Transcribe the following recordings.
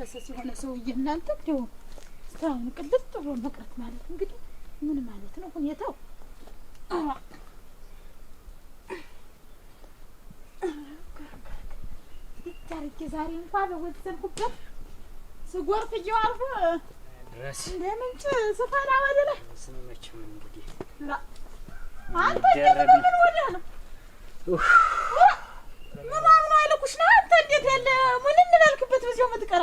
ፈሰስ የሆነ ሰውዬ እናንተ ቅልጥ ብሎ መቅረት ማለት እንግዲህ ምን ማለት ነው ሁኔታው? ታሪክ ዛሬ እንኳ ስጎርፍ እየዋልኩ እንደ ምንጭ ስፈላ ወደ ላይ አንተ እንዴት ምን ነው አይልኩሽ ነው። አንተ እንዴት ያለ በዚያው የምትቀራ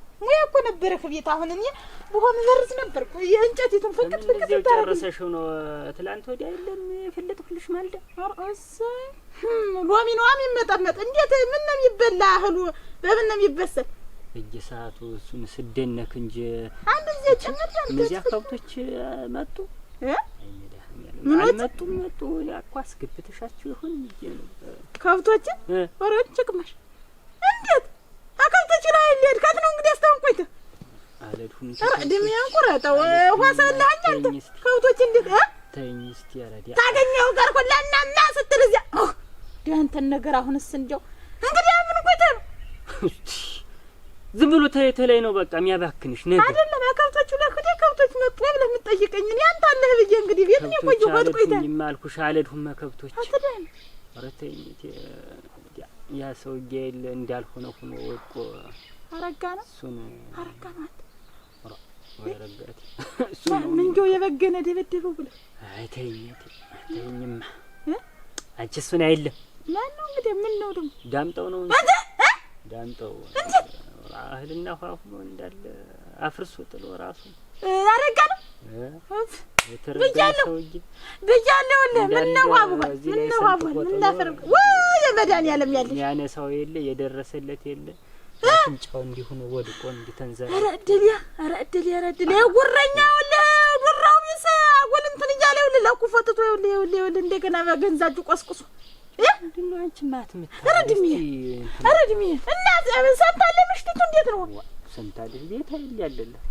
ሙያ እኮ ነበረህ ቤት። አሁን እኔ ብሆን ዘርዝ ነበርኩ የእንጨት የቱን ፍንቅት ፍንቅት ጨረሰሽው ነው? ትላንት ወዲያ የለም የፈለጥኩልሽ ማልዳ ሎሚ ነው አሚ የሚመጠመጥ። እንዴት ምን ነው የሚበላ እህሉ በምን ነው የሚበሰል? በየሰዓቱ እሱን ስደነክ እንጂ አንድ ጊዜ ጭምር እነዚያ ከብቶች መጡ አልመጡም መጡ እኮ አስገብተሻቸው ይሁን ከብቶችን ወረድ ጭቅማሽ እንዴት አከብቶች ላይ ሊሄድካት እድሜን ቁረጠው። ኋሳለኝ አንተ ከብቶች እንዴት ታገኘው ጋር ኮላና ስትል እዚያ ዲያንተን ነገር አሁንስ እንዲያው እንግዲህ ምን ቆይተ ዝም ብሎ ተለይ ተለይ ነው በቃ የሚያባክንሽ ነገር አይደለም። ከብቶቹ ለክዴ ከብቶች መጡ ብለህ የምትጠይቀኝ እኔ አንተ አለህ ብዬ እንግዲህ ቤት ነው ቆዩ ሆድ ቆይተ ማልኩሽ አለድሁም ከብቶች አትደን ረተኝት ያ ሰውዬ እንዳልሆነ ሆኖ ወድቆ አረጋ ነው እሱን አረጋ ማለት ምንጆ የበገነ ደበደበው ብለ አይተኝት አይተኝማ አንቺ እሱን አይልም። ማን ነው እንግዲህ? ምን ነው ደግሞ ዳምጠው ነው አንተ ዳምጠው እህልና ውሃ ሁኖ እንዳለ አፍርሶ ጥሎ ራሱ አረጋ ነው ብያለሁ ብያለሁ። ምን ነው አቡሃል ምን ነው አቡሃል ምን ላፈርግ ወይ መድኃኒዓለም ያለ ያነሳው የለ የደረሰለት የለ አፍንጫው እንዲሁን ወድቆ እንዲተንዘረ ኧረ እድልያ ያ ኧረ እድል ያ ኧረ እድል ያ ጉረኛ ይኸውልህ ዱራው ቢስ አጎል እንትን እያለ ይኸውልህ ለኩ ፈትቶ ይኸውልህ ይኸውልህ ይኸውልህ እንደገና በገንዛጁ ቆስቁሶ ምንድን ነው አንቺ ማትምታ? ኧረ እድሜ ኧረ እድሜ እና ሰንታለ ምሽቱ እንዴት ነው ሰንታለ ቤት አይል ያለልህ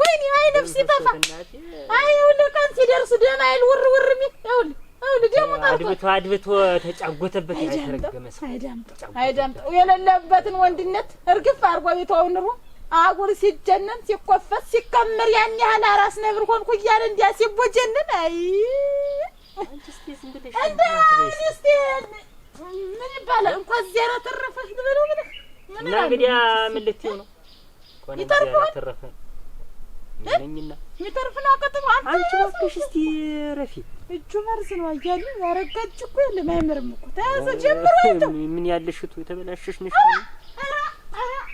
ወይኔ አይ ነፍስ ይጠፋ። አይ ይኸውልህ ቀን ሲደርስ ደም አይል ውር ውር የሚል ይኸውልህ ይኸውልህ ደሙ ጠርቶ አድብቶ ተጫጎተበት። አይዳምጠው የሌለበትን ወንድነት እርግፍ አድርጎ ቤቷው ኑሮ አጉል ሲጀነን ሲኮፈስ ሲከምር ያን ያህል አራስ ነብር ሆንኩ እያለ እንዲያ ሲቦጀንን አይ እንደ እስኪ ምን ይባላል እንኳን ዜሮ ተረፈህ ልበለው ብለህ እና እንግዲያ ምን ልትይው ነው? ይተርፈዋል የሚተርፍ ነው አቀጥሎ አንቺ እባክሽ እስቲ የተበላሸሽ ነሽ።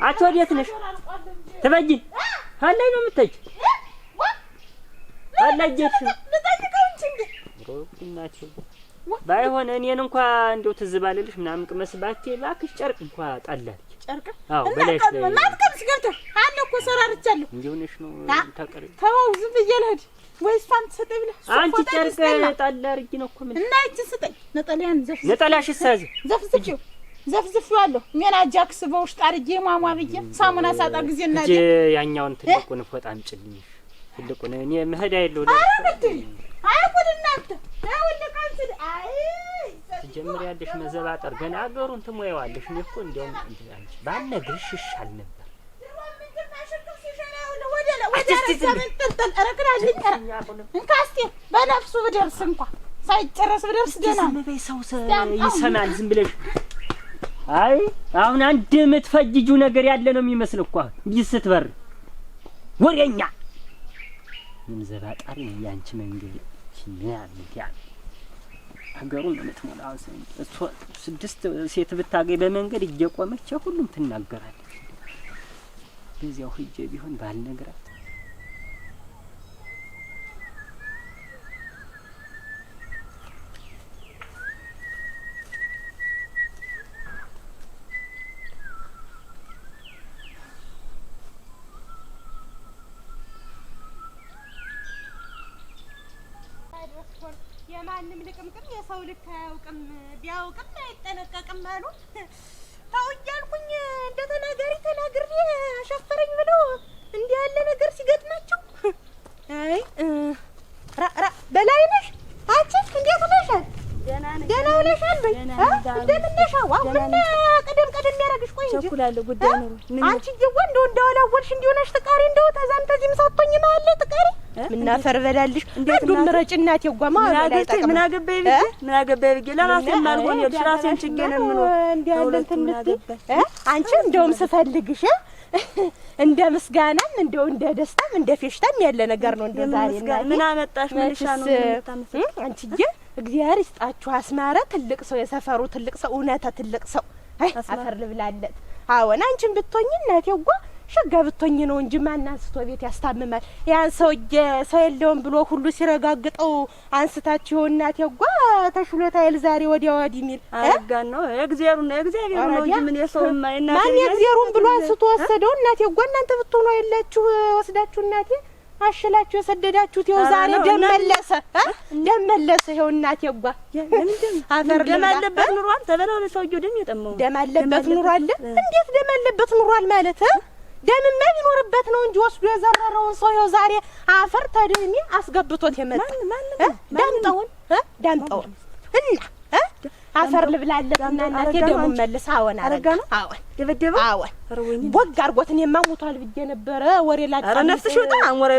አንቺ ወዴት ነሽ? ትበጂ ሀላይ ነው የምታጅ ሀላጀት ልጠይቀው ባይሆን እኔን እንኳ እንደው ትዝ ባለልሽ ምናምን ቅመስባቴ እባክሽ ጨርቅ እንኳ ጣላል ጨርቅ ማጥቀምሽ ገብተህ አለ እኮ ሰራርቻለሁ። እንዲሁንሽ ነው ታቀሪ ተወው፣ ዝም ብዬ ልሂድ ወይስ ፋን ትሰጠኝ ብለህ አንቺ ጨርቅ ጣል አድርጊ ነው እኮ ምን እና ይቺ ስጠኝ ነጠላያን ዘፍ ነጠላሽ ሳዝ ዘፍ ዝፍጪው ዘፍዝፌዋለሁ ሜና ጃክስ በውሽጥ አድርጌ ማሟ ብዬ ሳሙና ሳጣ ጊዜ እና ያኛውን ትልቁን ፎጣ አምጪልኝ። ትልቁን እኔ መሄድ አይደለሁ ትጀምሪያለሽ መዘባጠር ገና አገሩን ትሞየዋለሽ። እኔ እኮ እንዲያውም ባልነግርሽ ይሻል ነበር። እንካስቴ በነፍሱ ብደርስ እንኳ ሳይጨረስ ብደርስ ደህና ዝም በይ፣ ሰው ይሰማል። ዝም ብለሽ አይ አሁን አንድ የምትፈጅጁ ነገር ያለ ነው የሚመስል እኮ እንዲህ ስትበር ወሬኛ ምን ዘባጣሪ ነው ያንቺ ሚያር ሀገሩን ስድስት ሴት ብታገኝ በመንገድ እየቆመች ሁሉም ትናገራለች። በዚያው ሂጄ ቢሆን ባልነግራት ዶክተር የማንም ልቅምቅም የሰው ልክ አያውቅም፣ ቢያውቅም አይጠነቀቅም አሉ። ተው እያልኩኝ እንደ ተናጋሪ ተናግሬ አሻፈረኝ ብለው እንዲህ ያለ ነገር ሲገጥማቸው አይ ራራ በላይ ነሽ አንቺ እንዴት ነሻል? ደህና ውለሻል በይ። እንደምን ነሽ? አዎ ምን ቅድም ቅድም ያደርግሽ? ቆይ እንጂ እቸኩላለሁ። ጉዳይ ነው። አንቺ ጅዋ እንደው እንዳወላወልሽ እንዲሆነሽ ትቀሪ እንደው ተዛም ተዚህም ሳትሆኝ መሀል ላይ ትቀሪ ምናፈር በላልሽ አንዱ ምረጭ እናቴ የጓማ አላጣ ምን አገባይ ብዬ ምን አገባይ ብዬ ለራሴን ማልሆን ይልሽ ራሴን ችግር ምን እንዴ እንዲያለን ትንት አንቺ እንደውም ስፈልግሽ እንደ ምስጋናም እንደው እንደ ደስታም እንደ ፌሽታም ያለ ነገር ነው። እንደ ዛሬ ምን አመጣሽ? ምን ሻ ነው አንቺ አንቺዬ? እግዚአብሔር ይስጣችሁ። አስማረ ትልቅ ሰው፣ የሰፈሩ ትልቅ ሰው፣ እውነተ ትልቅ ሰው። አፈር ልብላለት። አዎን አንቺን ብትሆኝ እናት ጓ ሸጋ ብቶኝ ነው እንጂ ማን አንስቶ ቤት ያስታምማል? ያን ሰውዬ ሰው የለውም ብሎ ሁሉ ሲረጋግጠው አንስታችሁ እናቴ ጓ ተሽሎታል ዛሬ ወዲያ ወዲህ የሚል አጋን ነው እግዚአብሔር ነው እግዚአብሔር ነው እንጂ ምን የሰው ማይና ማን የእግዚአብሔሩን ብሎ አንስቶ ወሰደው። እናቴ ጓ እናንተ ብትሆኑ የላችሁ ወስዳችሁ እናቴ አሽላችሁ የሰደዳችሁት ይኸው ዛሬ ደም መለሰ ደም መለሰ። ይኸው እናቴ ጓ አፈር ደም አለበት ኑሯል ተበለው ሰውዬው ደም የጠማው ደም አለበት ኑሯል። እንዴት ደም አለበት ኑሯል ማለት እ ደምማ ቢኖርበት ነው እንጂ ወስዶ የዘረረውን ሰው ይኸው ዛሬ አፈር ተድሜ አስገብቶት የመጣ ዳምጠውን ዳምጠውን እና አፈር ልብላለት እና እናቴ ደግሞ መልስ አወን አረጋ ነው አወን ደበደበ አወን ወግ አድርጎት እኔማ ሞቷል ብዬ ነበረ። ወሬ ላ ኧረ ነፍስሽ ወጣ ወሬ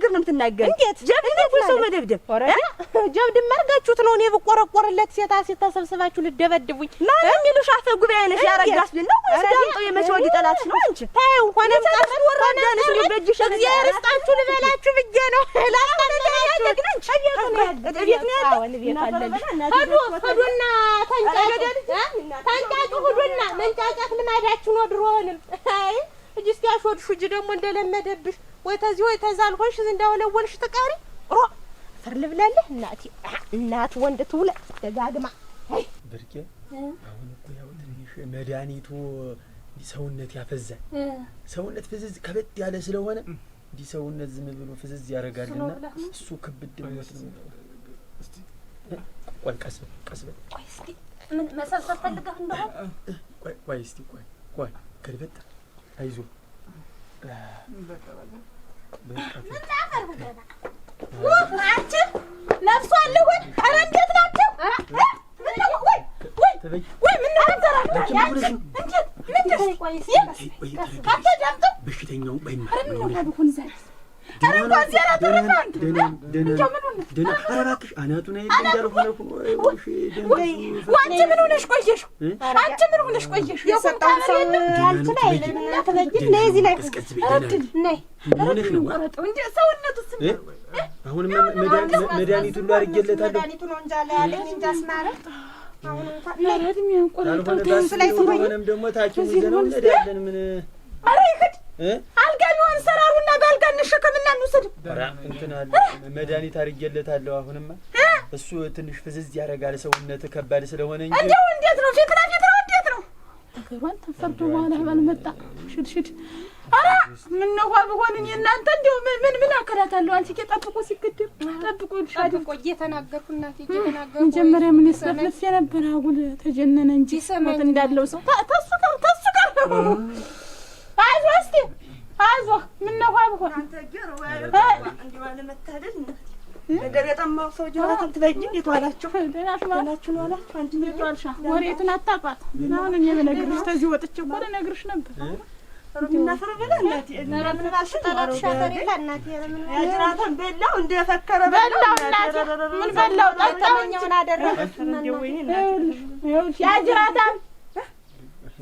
ግር ነው የምትናገር። እንዴት ጀብድ ነው ሰው መደብደብ ጀብድ ማርጋችሁት ነው። እኔ ብቆረቆርለት ሴታ ሴት ሰብስባችሁ ልደበድቡኝ ማን የሚሉሽ አፈ ጉባኤ ነሽ ያረጋሽ ነው ስዳምጦ የመቼ ወዲህ ጠላትሽ ነው አንቺ ታየው ሆነ ወራዳንሽ በእጅሽ እግዚአብሔር ይስጣችሁ ልበላችሁ ብዬ ነው ላስታለ ያደግነች አየቱ ነው ያለ ቤት አለ ሄዶ ሄዶ እና ተንጫጩ ሁሉና መንጫጫት ልማዳችሁ ነው። ድሮውንም አይ እጅ እስኪ ያሾድሽ እጅ ደግሞ እንደለመደብሽ ወይ ተዚህ ወይ ተዛ አልሆንሽ እንዳወለወልሽ ትቀሪ ሮ ፍር ልብላለህ እናቴ እናት ወንድ ትውለ ደጋግማ ብርቄ አሁን እኮ ያው ትንሽ መድኃኒቱ ሰውነት ያፈዛል። ሰውነት ፍዝዝ ከበድ ያለ ስለሆነ እንዲህ ሰውነት ዝም ብሎ ፍዝዝ ያደርጋልና እሱ ክብድ ነው። ቆይ ቀስ ቀስ በል። ቆይ እስኪ ምን መሰብሰብ ፈልገህ እንደሆነ ቆይ ቆይ እስኪ ቆይ ቆይ ገልበጥ አይዞህ ምን ደህና ኧረ እባክሽ አናቱን አይደል እንዳልሆነ አንቺ ምን ሆነሽ ቆየሽ? አንቺ ምን ሆነሽ ቆየሽ? የሰጣን አሁን እንሸከምና እንውሰድ። እንትን አለ መድኃኒት አድርጌለታለሁ። አሁንማ እሱ ትንሽ ፍዝዝ ያደርጋል። ሰውነት ከባድ ስለሆነ እንጂ እንደው እንዴት ነው ፊት ለፊት ነው እንዴት ነው ነገሯን ተፈርዶ በኋላ ባልመጣ ሽድሽድ አረ ምነው ቢሆን እኔ እናንተ እንደው ምን ምን አከራታለሁ። አንቺ ጠብቆ ሲገደብ ጠብቆ ጠብቆ እየተናገርኩ እናቴ እየተናገርኩ መጀመሪያ ምን ይስራት የነበረ አጉል ተጀነነ እንጂ እንዳለው ሰው ተሱ ጋር ተሱ ጋር አይዞህ ምነው አብሆን ነገር የጠማው ሰው ጅራትን ትበይ። እንዴት ዋላችሁ? ናችሁ ነው አላችሁ። አንቺ እንዴት ዋልሻ? ወሬቱን አታውቃት። አሁን እኔ ብነግርሽ ተዚህ ወጥቼ እኮ ልነግርሽ ነበር። ምን በላው? ጠጣሁ። ያጅራታም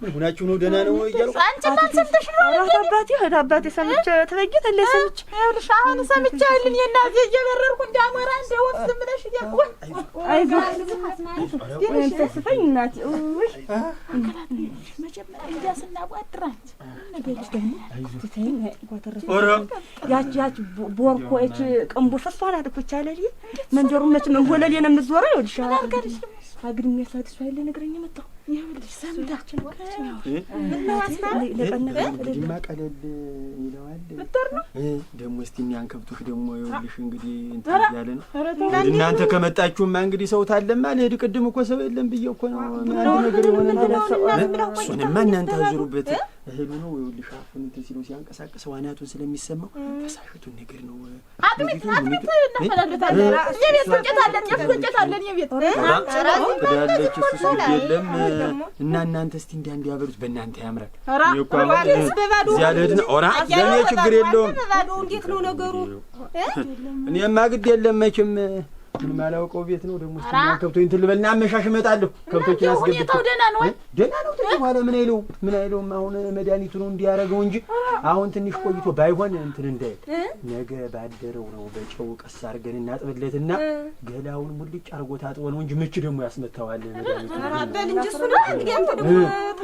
ምን ሆናችሁ ነው? ደህና ነው እያልኩ አንቺ ሰምተሽ ነው? አባቴ ሄደ አባቴ ሰምቼ ትበይታለሽ። ሰምቼ ይኸውልሽ፣ አሁን ሰምቼ አይልኝ እናቴ እየበረርኩ እንዳሞራ እንደ ወፍ ዝም ብለሽ እያልኩ ተስፈኝ እናቴ መጀመሪያ እያ ስናቧድራች እሷ ናት እኮ መንደሩ መች መንጎለሌ ነው የምትዞረው። ይኸውልሽ አግድሜ ሳት እሷ የለ ነግረኝ መጣሁ እንግዲህማ ቀለል ይለዋል። ደግሞ እስቲ እኒያን ከብቶች ደግሞ ይኸውልሽ እንግዲህ እንትን እያለ ነው። እናንተ ከመጣችሁማ እንግዲህ ሰው ታለማ ልሄድ። ቅድም እኮ ሰው የለም ብዬ እኮ ነው አንድ ነገር የሆነ እሱንማ እናንተ አዙሩበት። እህሉ ነው ይኸውልሽ፣ አፉን እንትን ሲለው ሲያንቀሳቀሰው አናቱን ስለሚሰማው ፈሳሽቱን ነገር ነው። አጥሚት አጥሚት እናፈላለታለን። የቤት እንጨት አለን፣ የቤት እንጨት አለን። የቤት ያለች እሱ እና እናንተ እስቲ እንዲያ እንዲያ በሉት በእናንተ ያምራል። እዚያለድን ኦራ ለእኔ ችግር የለውም። እንዴት ነው ነገሩ? እኔማ ግድ የለም መቼም ምን ማላውቀው ቤት ነው ደግሞ እስኪ ከብቶ እንትን ልበልና አመሻሽ እመጣለሁ። ከብቶችን አስገብቶ ሁኔታው ደህና ነው ደህና ነው ተባለ። ምን አይለው ምን አይለውም። አሁን መድኃኒቱ ነው እንዲያደርገው እንጂ አሁን ትንሽ ቆይቶ ባይሆን እንትን እንዳይል ነገ ባደረው ነው በጨው ቀስ አድርገን እናጥብለትና ገላውን ሙልጭ አድርጎ ታጥቦ ነው እንጂ ምች ደግሞ ያስመታዋል መድኃኒቱ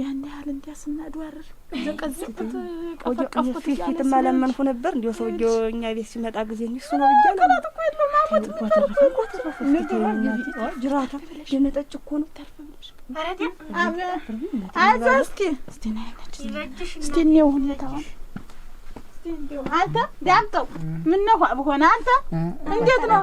ያን ያህል እንዲያ ስናድዋርር ዘቀዝቁት ቀፈቀፍኩት ፊትማ ለመንኩ ነበር። እንዲያው ሰውዬው እኛ ቤት ሲመጣ ጊዜ እሱ ነው ብዬ ቀናት እኮ የለውም እኮ ነው። አዛ እስኪ እስቲ አንተ ዳምጠው ምነው በሆነ አንተ እንዴት ነው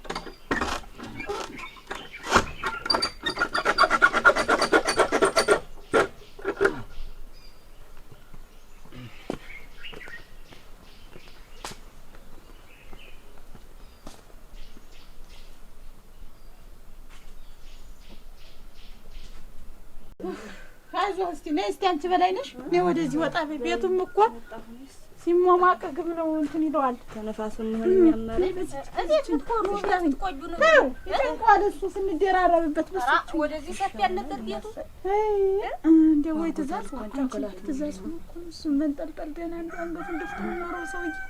አይዞህ እስኪ ነይ እስኪ አንቺ በላይ ነሽ። ነይ ወደዚህ ወጣ በይ። ቤቱም እኮ ሲሟሟቅ ግብ ነው እንትን ይለዋል። ተነፋሱን እሱ ስንደራረብበት መንጠልጠል ገና ሰውዬ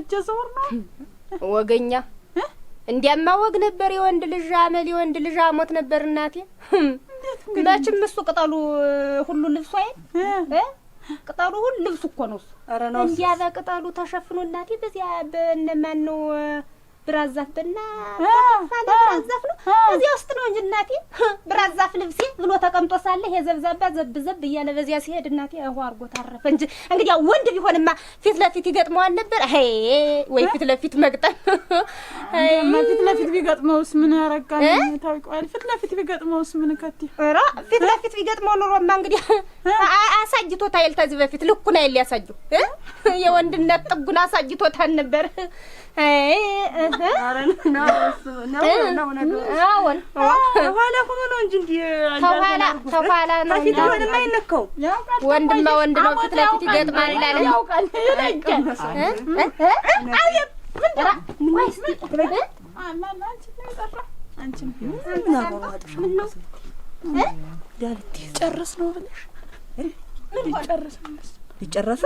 እጀ ዘወር ነው ወገኛ እንዲያማ ወግ ነበር። የወንድ ልጅ አመል የወንድ ልጅ አሞት ነበር እናቴ። መቼም እሱ ቅጠሉ ሁሉ ልብሱ አይደል ቅጠሉ ሁሉ ልብሱ እኮ ነው እሱ እንዲያ በቅጠሉ ተሸፍኖ እናቴ በዚያ በእነ ነው ብራዝ ዛፍ በላ ፋለ ነው እዚያ ውስጥ ነው እንጂ እናቴ ብራዛፍ ልብሴ ብሎ ተቀምጦ ሳለ ይሄ ዘብዛባ ዘብዘብ እያለ በዚያ ሲሄድ እናቴ እሁ አርጎ ታረፈ እንጂ። እንግዲህ ወንድ ቢሆንማ ፊት ለፊት ይገጥመዋል ነበር። አሄ ወይ ፊት ለፊት መግጠም አማ ፊት ለፊት ቢገጥመውስ ምን ያረጋል? ታውቀዋል። ፊት ለፊት ቢገጥመውስ ምን ከቲ ራ ፊት ለፊት ቢገጥመው ኑሮማ እንግዲህ አሳጅቶታል። ተዚህ በፊት ልኩን አይል ያሳጅው የወንድነት ጥጉን አሳጅቶታል ነበር። ኋላ ሆኖ ነው እንጂ ተኋላ ተኋላ ነው የማይነካው ወንድማ ወንድ ነው። ፊት ለፊት ይገጥማል ጨርስ ነው ብለሽ ጨርስ ሊጨረሰ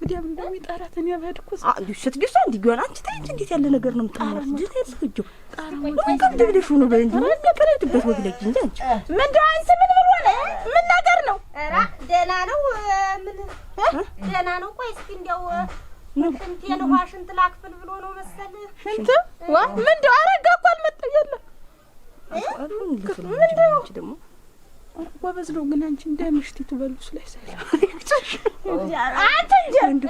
ወዲያም እንደሚጣራት እኔ አብሄድ እኮ ዱሸት ዱሳ ቢሆን አንቺ ተይ እንጂ እንዴት ያለ ነገር ነው የምጣራት እንጂ ታያለሽ እጆ ሆኖ በይ እንጂ ምንቀረድበት ወግለጅ እንጂ አንቺ ምንድ አንቺ ምን ብሎ ነው ምን ነገር ነው ደህና ነው ምን ደህና ነው ቆይ እስኪ እንዲያው ሽንቴን ውሃ ሽንት ላክፍል ብሎ ነው መሰል ሽንት ዋ ምንድን አረጋ እኮ አልመጣ የለም ምንድን ደግሞ ጎበዝ ነው ግን አንቺ እንደ ምሽት ትበሉ ላይ አንተ እንጂ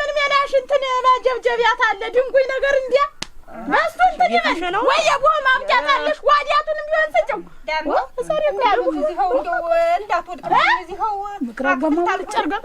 ምን ሜላሽ እንትን ማጀብጀቢያት አለ ድንጉኝ ነገር እንዲያ በሱ እንትን ይበል ወይ የቦህ ማብቂያ ካለሽ ዋዲያቱንም ቢሆን ስጭው። እንዳትወድቅ ምክራ ገማ ጨርጋጥ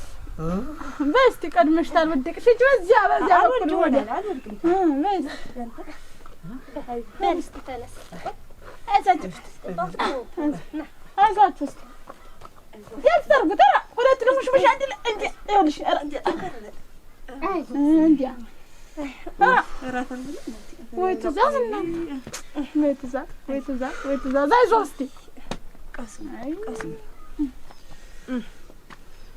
በስቲ ቀድመሽ ታልወደቅሽ እንጂ በዚያ በዚያ በኩል ወደ አይዟችሁ እስኪ የት ታርጉ ተራ ሁለት ልሙሽ ብሽ አንድ እንዲ ይኸውልሽ እንዲ ወይ ትእዛዝ እናንተ ወይ ትእዛዝ ወይ ትእዛዝ ወይ ትእዛዝ አይዞህ እስቲ ቀስ ቀስ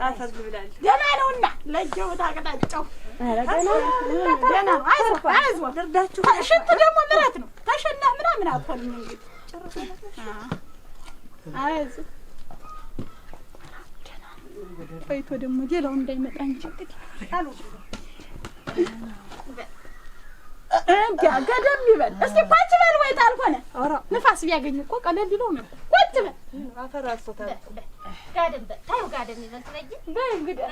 ደህና ነውና ለየሁት አቅጣጫው ደህና ነው። አይዞህ ሽንት ደግሞ ምረት ነው። ተሸናህ ምናምን አትሆንም እንግዲህ ቆይቶ ደግሞ ሌላው እንዳይመጣ እንጂ እንግዲህ ገደም ይበል እስኪ በል ወይ ጣል ንፋስ ቢያገኝ እኮ ቀለል ይለው ነው። በል ጋደም በል ጋደም ይበል በይ እንግዲህ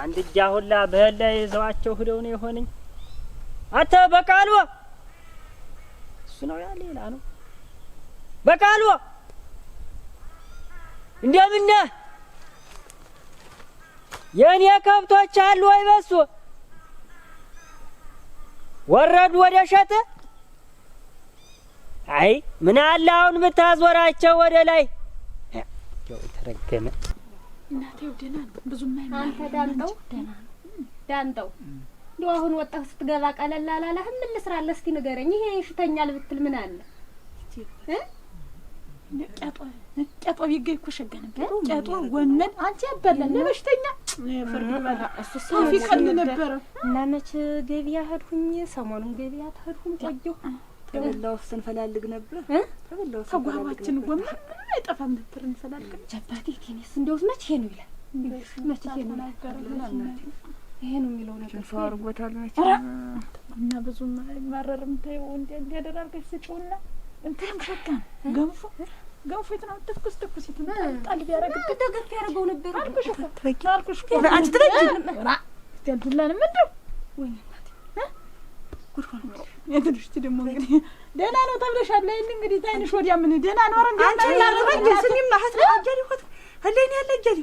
አንድ እጃ ሁላ በህል ላይ ይዘዋቸው ሂደው ነው የሆነኝ። እሱ ነው ያ ሌላ ነው እንደምን ነህ? የእኔ ከብቶች አሉ ወይ? በሱ ወረዱ ወደ ሸጥ። አይ ምን አለ አሁን ብታዞራቸው ወደ ላይ። ተረገመ እናቴ ደህና ነው። ብዙም አንተ ዳምጠው ዳምጠው እንደው አሁን ወጣሁ ስትገባ ቀለል አላለህም? ምን ልስራለህ? እስቲ ንገረኝ። ይሄ ይሽተኛል ብትል ምን አለ ቄጦ ቄጦ ቢገኝ እኮ ሸጋ ነበር። ቄጦ አንቺ ያባላል ለበሽተኛ ፍርድ ቀል ነበረ እና መች ገበያ ሄድሁኝ። ሰሞኑን ገበያ ተሄድሁም ቆየሁ። ተበላው ስንፈላልግ ነበር። ተበላው ተጓባችን ወመን አይጠፋም ነበር እንፈላልግ ጀባቴ ቴኒስ እንደውስ መች ነው ይላል። መች ነው ይሄ ነው የሚለው ነገር ሰው አድርጎታል። መቼ እና ብዙም አይማረርም። ተይው እንዲያደራርገች ስጪውና እንትን ሸጋን ገንፎ ገንፎ የትናንት ትኩስ ትኩስ ጣል ቢያረግበት ደገፍ ያደረገው ነበር አልኩሽ እኮ አልኩሽ እኮ አንቺ ትረጂ ያዱላንም እንደው ወይ ትንሽ ደግሞ እንግዲህ ደህና ነው ተብለሻል። ለይል እንግዲህ ታይንሽ ወዲያ ምን ደህና ነው? ኧረ እንዴት ነው? አንቺ ያለ እጃ ሊሆት ህሌን ያለ እጃ ሊሆት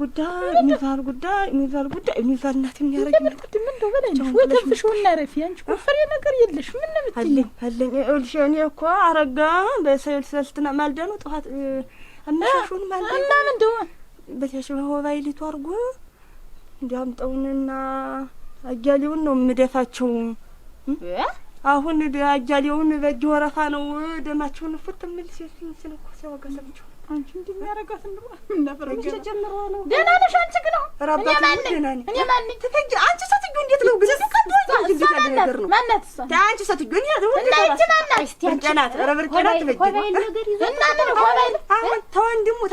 ጉዳይ የሚባል ጉዳይ የሚባል ጉዳይ የሚባል ናት የሚያረግ ቅድም እንደው በላኝ ወይ ተንፍሽውና አንቺ እኮ ነገር የለሽ ምን ምትልኝ አለኝ እልሽ እኔ እኮ አረጋ በሰል ሰልትና ማልደኑ ጠዋት አመሻሹን ማልደ እና ምን ደው በቻሽ ሞባይሊቱ አርጉ እንዲያም አያሌውን ነው የምደፋቸው አሁን አያሌውን በእጅ ወረፋ ነው ደማቸውን ፉት ሲያወጋ አንቺ እንዲህ የሚያደርጋት ነበር። ጀምሮ ነው ደህና ነሽ አንቺ ግን ተወንድሙ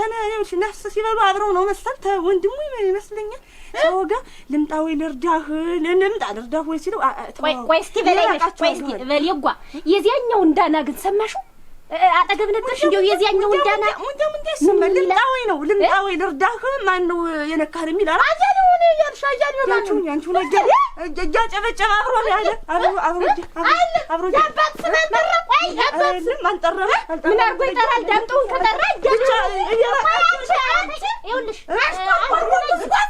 ነፍስ ሲበሉ አብረው ነው መሰል ወንድሙ ይመስለኛል። ሰው ጋር ልምጣ ወይ ልርዳህ፣ ልምጣ ልርዳህ ወይ ሲለው ቆይ እስኪ በላይ ቆይ እስኪ የዚያኛው እንዳና ግን ሰማሽው አጠገብ ነበርሽ? እንደው የዚያኛው እንዳና ሙንደም እንደስ ልምጣዊ ነው ልምጣዊ ልርዳህ፣ ማን ነው የነካህን የሚል አራ አያሌው እኔ እያልሽ አያሌው ማለት ነው። አንቺ ሁለት ጀ እጃ ጨበጨበ አብሮ ነው ያለ አብሮ አብሮ አለ አብሮ ያባት ስማንጠራ ቆይ ያባት ስማንጠራ ምን አርጎ ይጠራል? ዳምጠውን ከጠራ እጃ ይኸውልሽ አሽቆርቆር ነው ዝጓዝ